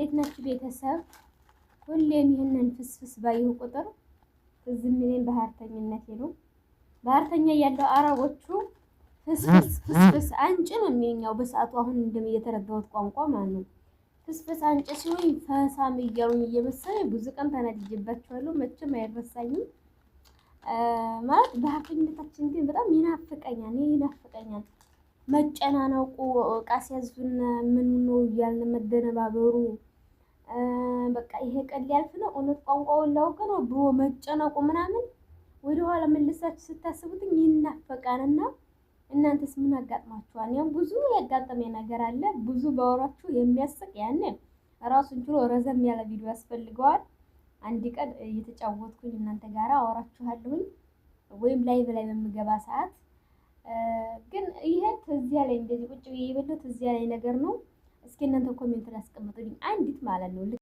እንዴት ናችሁ ቤተሰብ? ሁሌም ይህንን ፍስፍስ ባየሁ ቁጥር ትዝ የሚለኝ ባህርተኝነቴ ነው። ባህርተኛ ያለው አረቦቹ ፍስፍስ ፍስፍስ አንጭ ነው የሚኛው በሰዓቱ አሁን እንደም እየተረዳሁት ቋንቋ ማለት ነው። ፍስፍስ አንጭ ሲሆን ፈሳም እያሉኝ እየመሰለኝ ብዙ ቀን ተናድጄባቸዋለሁ። መቼም አይረሳኝም። ማለት ባህርተኝነታችን ግን በጣም ይናፍቀኛል ይናፍቀኛል። መጨናነቁ ዕቃ ሲያዙን ምን ነው እያልን መደነባበሩ በቃ ይሄ ቀን ሊያልፍ ነው። እውነት ቋንቋውን ላውቅ ነው ብሎ መጨነቁ ምናምን ወደኋላ መልሳችሁ ስታስቡትም ይናፈቃንና እናንተስ ምን አጋጥማችኋል? ያም ብዙ ያጋጠመ ነገር አለ። ብዙ ባወራችሁ የሚያስቅ ያንን ራሱን ችሎ ረዘም ያለ ቪዲዮ ያስፈልገዋል። አንድ ቀን እየተጫወትኩኝ እናንተ ጋራ አወራችኋለሁኝ ወይም ላይቭ ላይ በምገባ ሰዓት ግን ይሄ ከዚያ ላይ እንደዚህ ቁጭ ብዬ የበላሁት እዚያ ላይ ነገር ነው። እስኪ እናንተ ኮሜንት ላይ አስቀምጡልኝ አንዲት ማለት ነው።